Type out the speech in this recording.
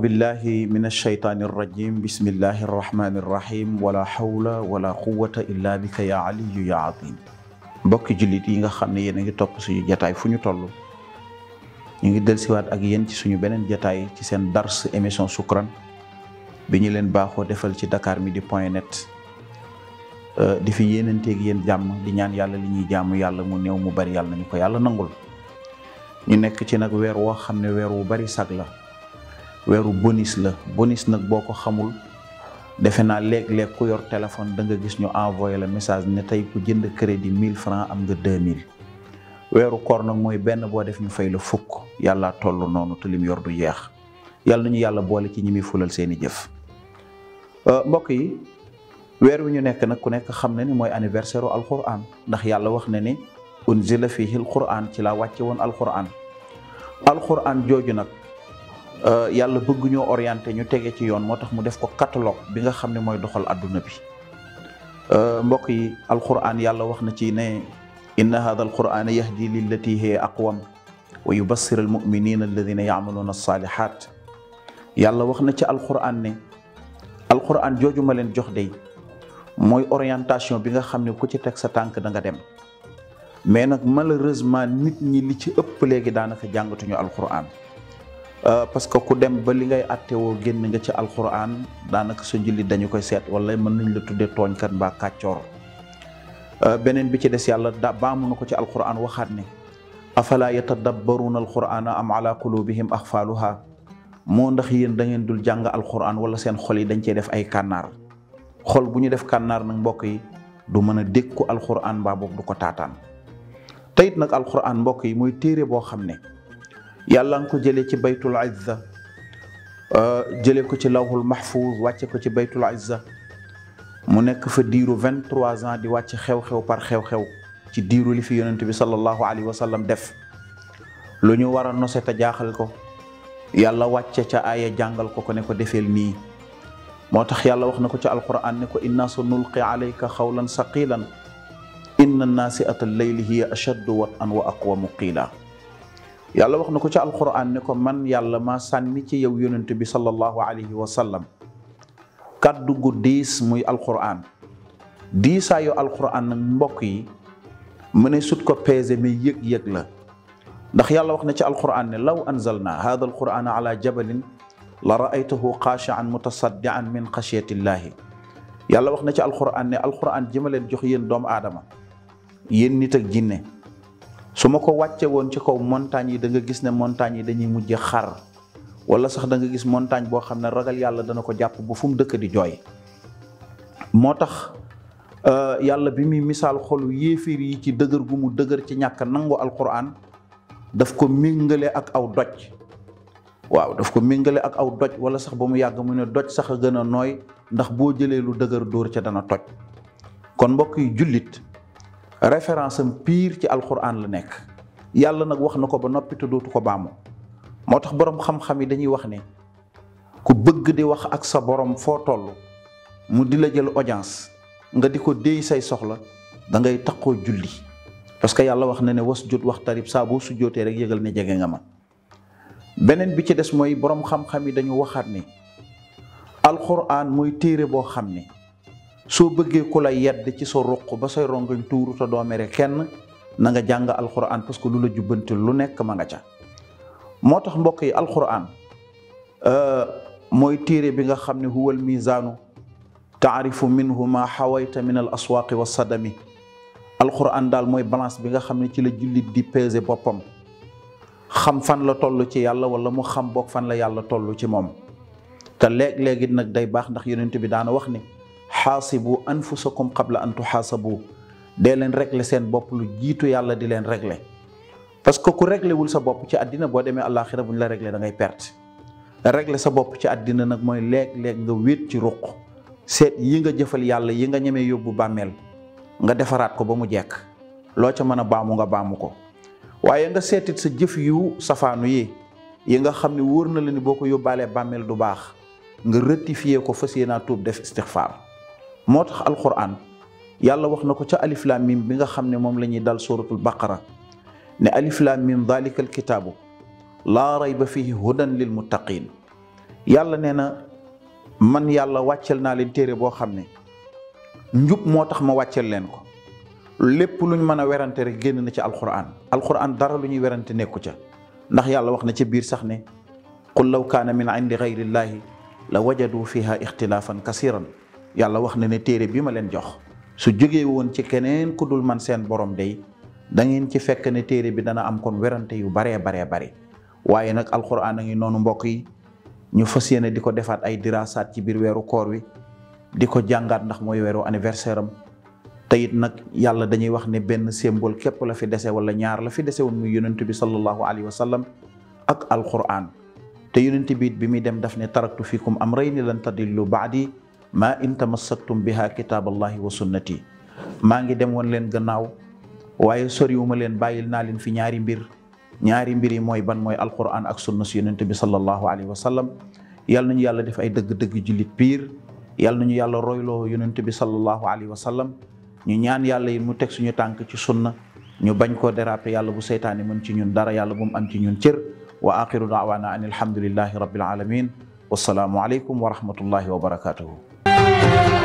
أعوذ بالله من الشيطان الرجيم بسم الله الرحمن الرحيم ولا حول ولا قوة illa بك يا علي يا عظيم mbokki jullit yi nga xam ne yéen a ngi topp suñu jataay fu ñu toll ñu ngi siwaat ak yéen ci suñu beneen jataay ci seen dars émission Shukran bi ñu leen baaxoo defal ci dakar di point net euh, di fi teeg yéen jàmm di ñaan yàlla li ñuy jaamu yàlla mu néew mu bari yàlla nañu ko yàlla nangul ñu nekk ci nag weer woo xam ne weer wu bari sag la weeru bonus la bonus nag boo ko xamul defe naa léeg-léeg ku yor téléphone da nga gis ñu envoyé la message ne tey ku jënd crédit 1000 francs am nga 2000 weeru koor nag mooy benn boo def ñu fay la fukk yàlla toll noonu te lim yor du yeex yàlla nañu yàlla boole ci ñi muy fulal seeni jëf euh, mbokk yi weer wi ñu nekk nag ku nekk xam na ni mooy anniversaire u alquran ndax yàlla wax na ni unzila fiihi alquran ci la wàcce woon alquran alquran jooju nag Euh, yàlla bëgg ñoo orienté ñu tege ci yoon moo tax mu def ko catalogue bi nga xam ne mooy doxal adduna bi euh, mbokk yi alquran yàlla wax na ci ne inna hada alqurana yahdi lillati hiya aqwam wa yubassir almuminina alladina yaamaluuna alsalihat yàlla wax na ci alquran ne alquran jooju ma leen jox day mooy orientation bi nga xam ne ku ci teg sa tànk da dem mais nag malheureusement nit ñi li ci ëpp léegi daanaka jàngatuñu alquran Euh, parce que ku dem ba li ngay attewoo génn nga ci alxuraan daanaka sa jullit dañu koy seet wala mën nañ la tuddee tooñkat mbaa kàccoor euh, beneen bi ci des yàlla da baamu na ko ci alxuraan waxaat ne afala yatadabbaruuna alxuraana am ala qulubihim axfaaluha moo ndax yéen da ngeen dul jàng al alxuraan wala seen xol yi dañ cee def ay kànnaar xol bu ñu def kànnaar nag mbokk yi du mën a dékku alxuraan mbaa boog du ko taataan teyit nag alxuraan mbokk yi mooy téere boo xam ne yàlla nga ko jëlee ci baytul izza euh, jëlee ko ci lawhul mahfuz wàcce ko ci baytul izza mu nekk fa diiru vingt trois ans di wàcc xew-xew par xew-xew ci diiru li fi yonent bi sallallahu alayhi wa sallam def lu ñu war a nose te jaaxal ko yàlla wàcce ca aaya jàngal ko ko ne ko defeel nii moo tax yàlla wax na ko ci alquran ne ko inna sa nulqi alayka xawlan saqilan inna naasiata alleyli hiya ashaddu wat an wa aqwamu qiila yàlla wax na ko ci alquran ne ko man yàlla ma sànni ci yow yonent bi sallallahu alayhi wa sallam kàddu gu diis muy alquran diisaayu alquran nag mbokk yi mu ne sut ko peese mais yëg-yëg la ndax yàlla wax na ci alquran ne law anzalna hada alqurana ala jabalin la raaytahu xaashian mutasaddian min xashyatillahi yàlla wax na ci alquran ne alquran jox yéen doomu aadama yéen nit jinne su ma ko wàcce woon ci kaw montagne yi danga gis ne montagne yi dañuy mujj xar wala sax danga gis montagne boo xam ne ragal yàlla dana ko jàpp ba fu mu dëkk di jooy moo tax euh, yàlla bi muy misaal xolu yéeféer yi ci dëgër gu mu dëgër ci ñàkk nangu alquran daf ko mingale ak aw doj waaw daf ko méngale ak aw doj wala sax ba mu yàgg mu ne doj sax a gën a nooy ndax boo jëlee lu dëgër dóor ca dana toj kon mbokk jullit référence am pire ci alxuraan la nekk yàlla nag wax na ko ba noppi te dootu ko baamu moo tax boroom xam-xam yi dañuy wax ne ku bëgg di wax ak sa borom foo toll mu di la jël audience nga di ko déy say soxla dangay ngay taqoo julli parce que yàlla wax na ne was jot wax tarib saa boo sujjootee rek yëgal ne jege nga ma beneen bi ci des mooy boroom xam-xam yi dañu waxaat ne alxuraan mooy téere boo xam ni soo bëggee ku la yedd ci sa ruq ba say rongañ tuuru te doo kenn na nga jàng alxuraan parce que lu la jubbante lu nekk ma nga ca moo tax mbokk yi alxuraan euh, mooy téere bi nga xam ne huwal mizaanu taarifu minhu ma xawayta min al aswaaqi wa sadami alxuraan daal mooy balance bi nga xam ne ci la jullit di peser boppam xam fan la toll ci yàlla wala mu xam boog fan la yàlla tollu ci moom te léeg-léeg nag day baax ndax yonent bi daana wax ni xaasibu si bu an fu sa sa la tuxaasabu dee leen régler seen bopp lu jiitu yàlla di leen régler parce que ku régler sa bopp ci àddina boo demee àllaaxira bu ñu la régler dangay ngay perte régler sa bopp ci àddina nag mooy léeg-léeg nga wéet ci ruq seet yi nga jëfal yàlla yi nga ñemee yóbbu bàmmeel nga defaraat ko ba mu jekk loo ca mën a baamu nga baamu ko waaye nga seetit sa jëf yu safaanu yi yi nga xam ne wóor na la ni boo ko yóbbaalee bàmmeel du baax nga rectifier ko fas yéenaa tuub def istixfaar moo tax alquran yàlla wax na ko ca alif bi nga xam ne moom la ñuy dal suratul baqara ne alif lam mim dalika alkitaabu laa rayba fihi hudan lil muttaqin yàlla nee na man yàlla wàccel naa leen téere boo xam ne njub moo tax ma wàccel leen ko lépp luñ mën a werante génn na ci alquran alquran dara lu ñuy werante nekku ca ndax yàlla wax na ca biir sax ne qul law kaana min indi gayrillahi la wajadu fiha ixtilaafan kasiran yàlla wax na ne téere bi ma leen jox su jógee woon ci keneen ku dul man seen boroom day da ngeen ci fekk ne téere bi dana am kon werante yu baree baree bare waaye nag alxuraan a ngi noonu mbokk yi ñu fas yéene di ko defaat ay diraasaat ci biir weeru koor wi di ko jàngaat ndax mooy weeru anniversaire am te it nag yàlla dañuy wax ne benn symbole képp la fi dese wala ñaar la fi dese woon muy yonent bi sallallahu alayhi wa sallam ak alxuraan te yonent bi bi maa in tamassaktum biha kitaaballahi wa sunnati maa ngi dem woon leen gannaaw waaye soriwuma leen bàyyil naa leen fi ñaari mbir ñaari mbir yi mooy ban mooy alquran ak sunna su yonente bi sallallahu alayhi wa sallam yal nañu yàlla def ay dëgg-dëgg jullit piir yal nañu yàlla royloo yonente bi sallallahu alayhi wa sallam ñu ñaan yàlla yi mu teg suñu tànk ci sunna ñu bañ koo déraper yàlla bu seytaane mën ci ñun dara yàlla bu mu am ci ñun cër wa axiru daawaana an alhamdulillahi rabbil alamin wassalaamu aleykum wa rahmatullahi wa barakatuhu Thank you.